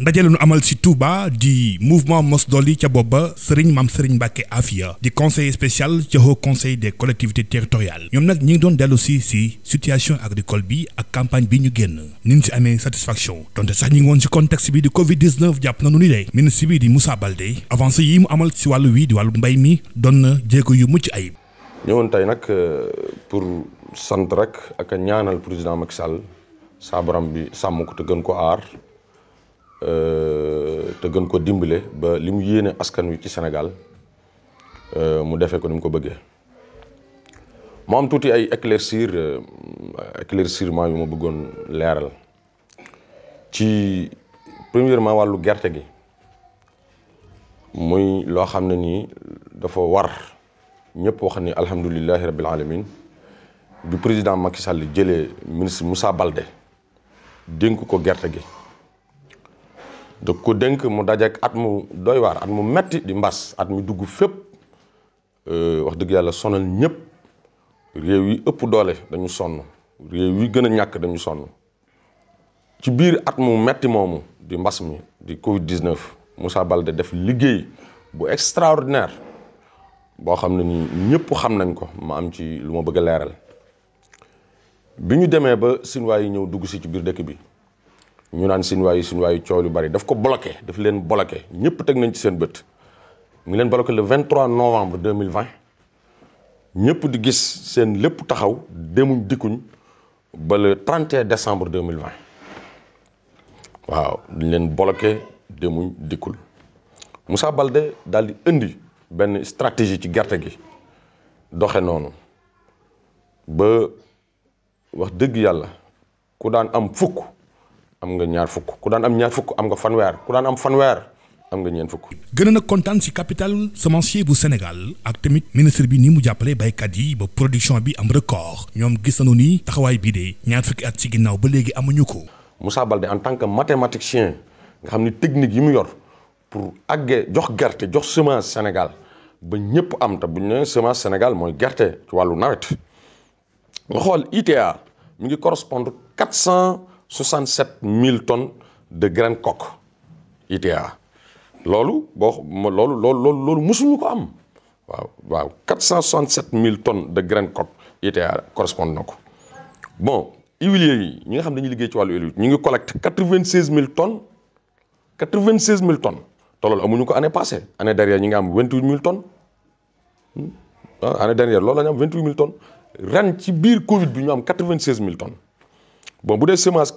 ndaje la nu amal si Touba di mouvement Mos Doli ca booba Serigne Maam Serigne Mbacke Afia di conseil spécial ca haut conseil des collectivités territoriales ñoom nag ñi ngi doon dellu si situation agricole bi ak campagne bi ñu génn ni ñu si amee satisfaction donte sax ñi ngi woon si contexte bi di Covid 19 jàpp na nu ni de ministre bi di Moussa Baldé avancé yi mu amal si wàllu wii di wàllu mbay mi doon na jéego yu mucc ayib. ñëwoon tey nag euh, pour sant rek ak ñaanal président Macky Sall saa bi sàmm ko gën ko aar. Euh, te gën ko dimbale ba li mu yéene askan wi ci Sénégal euh, mu defee ko ni mu ko bëggee mu am tuuti ay éclaircir euh, éclaircissement yu ma bëggoon leeral ci premièrement wàllu gerte gi muy loo xam ne nii dafa war ñëpp wax ni alhamdulilahi rabbil alamin bi président Macky Sall jëlee ministre Moussa Baldé dénk ko gerte gi da ko dénk mu dajeek at mu doy at mu metti di mbas at mi dugg fépp euh, wax dëgg yàlla sonal ñëpp réew yi ëpp doole dañu sonn réew yi gën a ñàkk dañu sonn ci biir at mu metti moomu di mbas mi di Covid 19 Moussa Baldé def liggéey bu extraordinaire boo xam ne nii ñëpp xam nañ ko ma am ci lu ma bëgg leeral bi ñu demee ba Sinwaa yi ñëw dugg si ci biir dëkk bi. ñu naan sinwaa yi sinwaa waayu coow lu bari daf ko bloqué daf leen bloqué ñëpp teg nañ ci seen bët mu ngi leen bloqué le 23 novembre 2020 ñëpp di gis seen lépp taxaw demuñ dikkuñ ba le 31 décembre waaw dañ leen bloqué demuñ dikkul Moussa Balde daal di indi benn stratégie ci gerte gi doxe noonu ba wax dëgg yàlla ku daan am fukk am nga ñaar fukk ku daan am ñaar fukk am nga fanweer ku daan am fanweer am nga ñeen fukk. gën na kontaan si capital semencier bu Sénégal ak tamit ministre bi ni mu jàppale baykat yi ba production bi am record ñoom gis nañu ni taxawaay bii de ñaar fukki at ci ginnaaw ba léegi amuñu ko. Moussa de en tant que mathématicien nga xam ni technique yi mu yor pour àggee jox gerte jox semence Sénégal ba ñëpp am ta bu ñu nee semence Sénégal mooy gerte ci wàllu nawet xool ITA mi ngi correspondre quatre cent 67 000 tonnes de graines coque ITA loolu boo loolu loolu loolu loolu mosuñu ko am waaw waaw 467 000 tonnes de graines coque ITA correspond na ko bon huiliers yi ñi nga xam dañuy liggéey ci wàllu huile ñu ngi collecte 96 000 tonnes 96 000 tonnes te loolu amuñu ko année passée année dernière ñu ngi am 28 000 tonnes hmm? ah, année dernière loolu la ñu am 28 000 tonnes ren ci biir Covid bi ñu am 96 000 tonnes. bon bu dee semence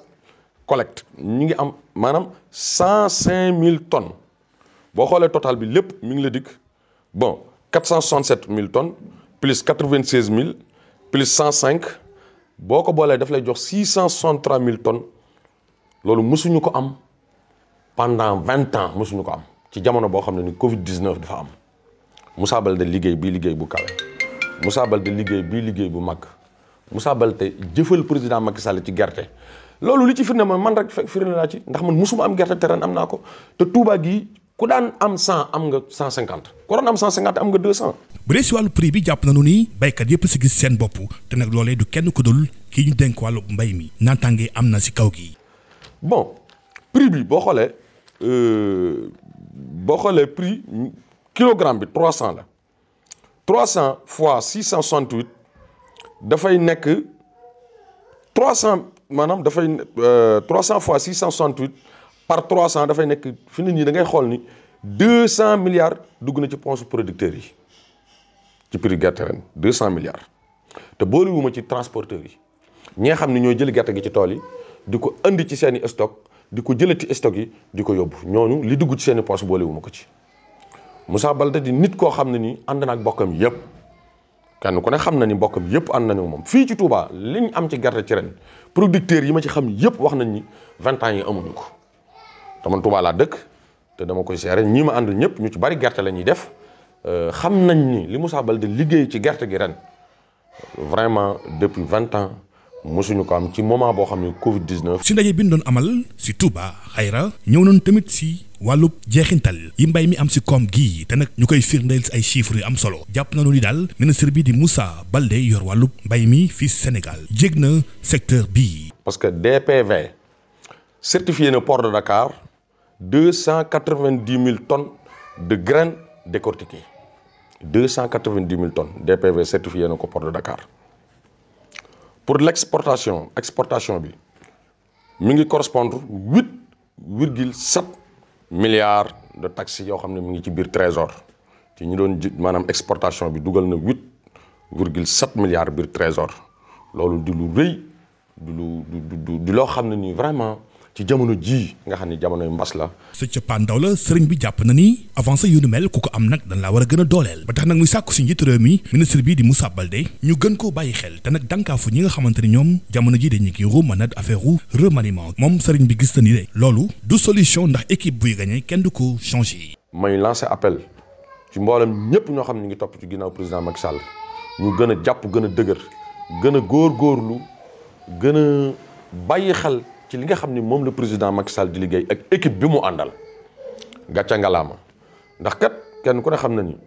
collect ñu ngi am maanaam cent cinq mille tonnes boo xoolee total bi lépp mi ngi la dikk bon quatre cent soixante sept mille tonnes plus quatre vingt seize mille plus cent cinq boo ko boolee daf lay jox six cent soixante mille ton loolu mësuñu ko am pendant vingt ans mësuñu ko am ci jamono boo xam ne ni Covid 19 dafa am Moussa Baldé liggéey bii liggéey bu kawe Moussa Baldé liggéey bii liggéey bu mag. Moussa Baldé jëfal président Macky Sall ci gerte loolu li ci firnde ma man rek fekk firnde ci ndax man musuma am gerte terrain am naa ko te Touba gii ku daan am cent am nga 150 ku daan am 150 am nga 200. bu dee si wàllu pris bi jàpp nañu ni béykat yëpp si gis seen bopp te nag loolee du kenn ku dul kii ñu dénk wàllu mbay mi naataange am na si kaw gi. bon prix bi boo xoolee euh, boo xoolee prix kilogramme bi 300 la 300 fois 668. dafay nekk trois cent maanaam dafay euh, trois cent fois six cent soixante par trois cent dafay nekk fi nit ñi da ngay xool ni deux cent milliards dugg na ci ponche producteurs yi ci prix gerte ren deux cent milliards te boolewuma ci transporteurs yi ñi nga xam ne ñooy jëli gerte gi ci tool yi di ko indi ci seeni stock di ko jëlati stock yi di ko yóbbu ñooñu li dugg ci seeni poche boolewuma ko ci Moussa Baldé di nit koo xam ne nii ànd na ak bokkam yépp kenn ko ne xam na ni mbokk bi yëpp ànd nañu moom fii ci Touba li ñu am ci gerte ci ren producteurs yi ma ci xam yëpp wax nañ ni vingt ans yi amuñu ko te man Touba laa dëkk te dama koy seere ñii ma àndal ñëpp ñu ci bari gerte la ñuy def euh, xam nañ ni li Moussa Baldé liggéey ci gerte gi ren vraiment depuis vingt ans mosuñu ko am ci moment boo xam ne Covid 19. si ndaje bi ñu doon amal si Touba xayra ñëw nañ tamit si. wàllu jeexintal yi mbay mi am si koom gii te nag ñu koy firndeel si ay chiffres am solo jàpp nañu ni daal ministre bi di Moussa Baldé yor wàllu mbay mi fii Sénégal jég na secteur bii. parce que DPV certifié na port de Dakar deux cent quatre vingt mille tonnes de graines décortiquées deux cent quatre vingt DPV certifié na ko port de Dakar pour l' exportation bi mu ngi correspondre huit virgule milliards de taxes yoo xam ne mu ngi ci biir trésor ci ñu doon maanaam exportation bi dugal na huit virgule sept milliards biir trésor loolu di lu rëy du lu du loo xam ne nii vraiment ci jamono jii nga xam ne jamonoy mbas la su cëppaandaw la sëriñ bi jàpp na ni avancé yu nu mel ku ko am nag dañ laa war a gën a dooleel ba tax nag muy sàkku si njiitu réew mi ministre bii di Moussa Baldé ñu gën koo bàyyi xel te nag dànkaafu ñi nga xamante ñoom jamono ji dañu ñu ruuma nag affaire u remaniement moom sëriñ bi gis na ni loolu du solution ndax équipe buy gagné kenn du ko changé may lancé appel ci mboolem ñëpp ñoo xam ne ñu ngi topp ci ginnaaw président Macky Sall ñu gën a jàpp gën a dëgër gën a góorgóorlu gën a bàyyi xel ci li nga xam ni moom la président Macky Sall di liggéey ak équipe bi mu àndal gàcca ngalaama ndax kat kenn ku ne xam na ni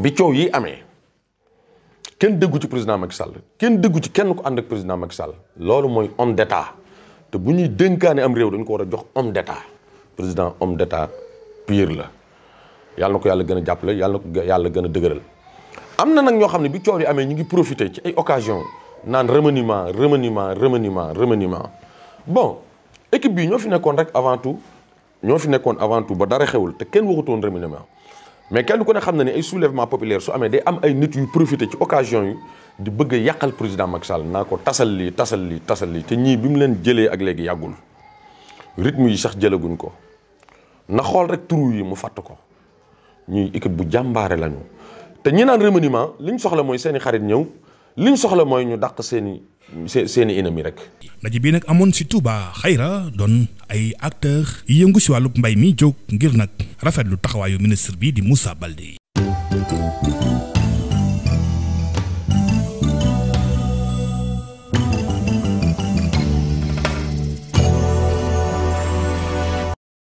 bi coow yi amee kenn déggu ci président Macky Sall kenn déggu ci kenn ku ànd ak président Macky Sall loolu mooy homme d'état te bu ñuy dénkaane am réew dañ ko war a jox homme d'état président homme d'état pire la yàlla ko yàlla gën a jàppale yàlla ko yàlla gën a dëgëral am na nag ñoo xam ne bi coow yi amee ñu ngi profité ci ay occasion naan remaniement remaniement remaniement remaniement bon équipe bi ñoo fi nekkoon rek avant tout ñoo fi nekkoon avant tout ba dara xewul te kenn waxutoon rémunération mais kenn ku ne xam na ne ay soulèvement populaire su amee day am ay nit yu profité ci occasion yi di bëgg a yàqal président Macky naa ko tasal lii tasal lii tasal te ñii bi mu leen jëlee ak léegi yàggul rythme yi sax jëlaguñ ko na xool rek turu yi mu fàtt ko ñuy équipe bu jàmbaare lañu te ñi naan remaniement li ñu soxla mooy seeni xarit ñëw. li ñu soxla mooy ñu dàq seeni seeni inami rek. ndaje bii nag amoon si Touba xayra doon ay acteurs yi yëngu si wàllu mbay mi jóg ngir nag rafetlu taxawaayu ministre bi di Moussa Baldé.